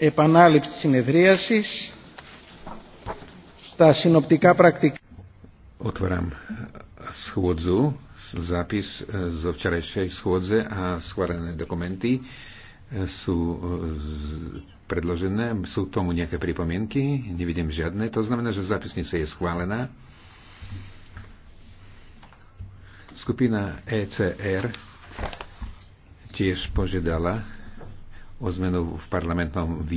επανάληψη συνεδρίασης στα συνοπτικά πρακτικά. Otváram schôdzu, zápis eh, zo včerajšej schôdze a schválené dokumenty eh, sú eh, predložené. Sú k tomu nejaké pripomienky? Nevidím žiadne. To znamená, že zápisnica je schválená. Skupina ECR tiež požiadala o zmenu v parlamentnom výboru.